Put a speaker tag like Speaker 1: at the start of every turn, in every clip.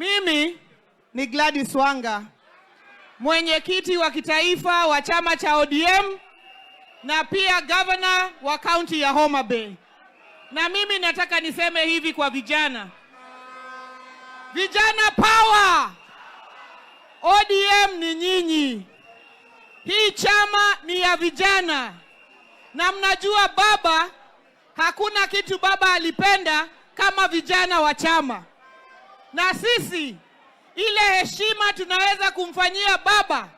Speaker 1: Mimi ni Gladys Wanga, mwenyekiti wa kitaifa wa chama cha ODM na pia governor wa kaunti ya Homa Bay. Na mimi nataka niseme hivi kwa vijana, vijana power! ODM ni nyinyi, hii chama ni ya vijana. Na mnajua baba, hakuna kitu baba alipenda kama vijana wa chama na sisi ile heshima tunaweza kumfanyia baba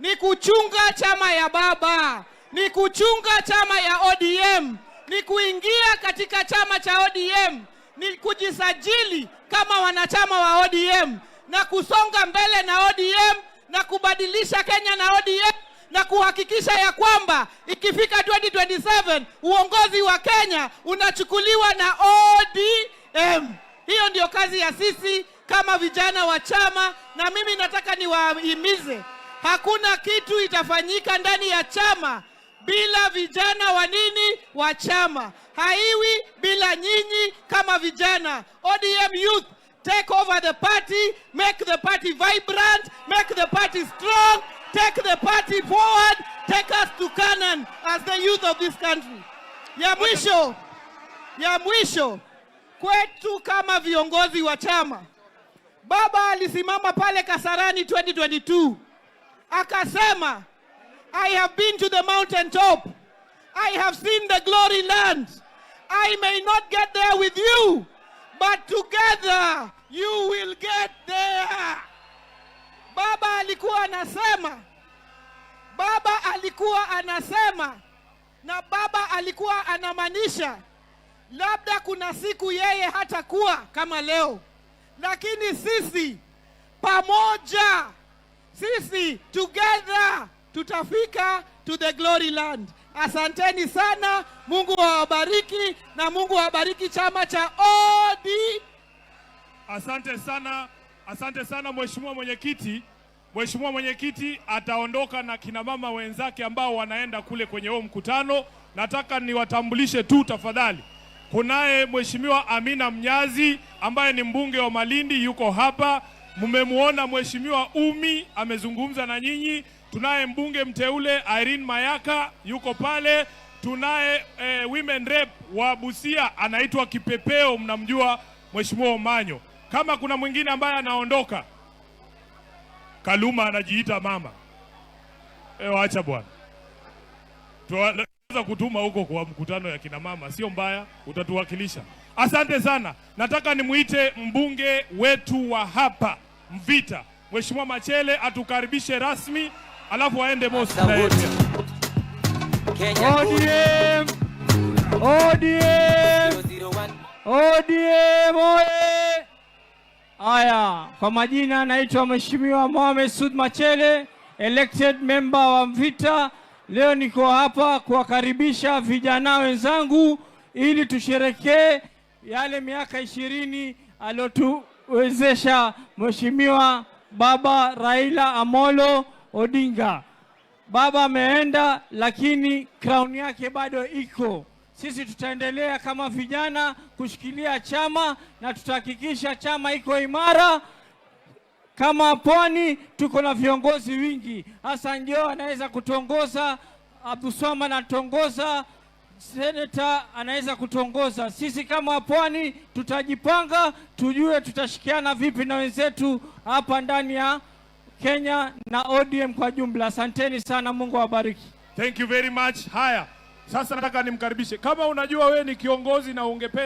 Speaker 1: ni kuchunga chama ya baba, ni kuchunga chama ya ODM, ni kuingia katika chama cha ODM, ni kujisajili kama wanachama wa ODM na kusonga mbele na ODM na kubadilisha Kenya na ODM na kuhakikisha ya kwamba ikifika 2027 uongozi wa Kenya unachukuliwa na ODM kazi ya sisi kama vijana wa chama, na mimi nataka niwahimize, hakuna kitu itafanyika ndani ya chama bila vijana wa nini wa chama, haiwi bila nyinyi kama vijana. ODM youth take over the party, make the party vibrant, make the party strong, take the party forward, take us to Canaan as the youth of this country. Ya mwisho ya mwisho Kwetu kama viongozi wa chama, baba alisimama pale Kasarani 2022 akasema, I have been to the mountain top, I have seen the glory land. I may not get there with you, but together you will get there. Baba alikuwa anasema, baba alikuwa anasema, na baba alikuwa anamaanisha Labda kuna siku yeye hatakuwa kama leo, lakini sisi pamoja, sisi together tutafika to the glory land. Asanteni sana, Mungu awabariki na Mungu awabariki chama cha OD.
Speaker 2: Asante sana, asante sana mheshimiwa mwenyekiti. Mheshimiwa mwenyekiti ataondoka na kinamama wenzake ambao wanaenda kule kwenye huo mkutano. Nataka niwatambulishe tu tafadhali. Kunaye Mheshimiwa Amina Mnyazi ambaye ni mbunge wa Malindi yuko hapa. Mmemwona Mheshimiwa Umi amezungumza na nyinyi. Tunaye mbunge mteule Irene Mayaka yuko pale. Tunaye eh, women rep wa Busia anaitwa Kipepeo, mnamjua Mheshimiwa Omanyo. Kama kuna mwingine ambaye anaondoka, Kaluma anajiita mama. Eh, acha bwana kutuma huko kwa mkutano ya kina mama sio mbaya, utatuwakilisha. Asante sana. Nataka nimwite mbunge wetu wa hapa Mvita, Mheshimiwa Machele atukaribishe rasmi, alafu aende Mosi. ODM,
Speaker 1: ODM, ODM oye! Aya, kwa majina naitwa Mheshimiwa Mohamed Sud Machele, elected member wa Mvita Leo niko hapa kuwakaribisha vijana wenzangu ili tusherekee yale miaka ishirini aliyotuwezesha Mheshimiwa Baba Raila Amolo Odinga. Baba ameenda lakini crown yake bado iko. Sisi tutaendelea kama vijana kushikilia chama na tutahakikisha chama iko imara. Kama Pwani tuko na viongozi wingi. hasa ndio anaweza kutongoza, Abdulswamad anatongoza, seneta anaweza kutongoza. Sisi kama Pwani tutajipanga, tujue tutashikiana vipi na wenzetu hapa ndani ya Kenya na ODM kwa jumla. Asanteni sana, Mungu awabariki.
Speaker 2: Thank you very much. Haya, sasa nataka nimkaribishe, kama unajua we ni kiongozi na ungependa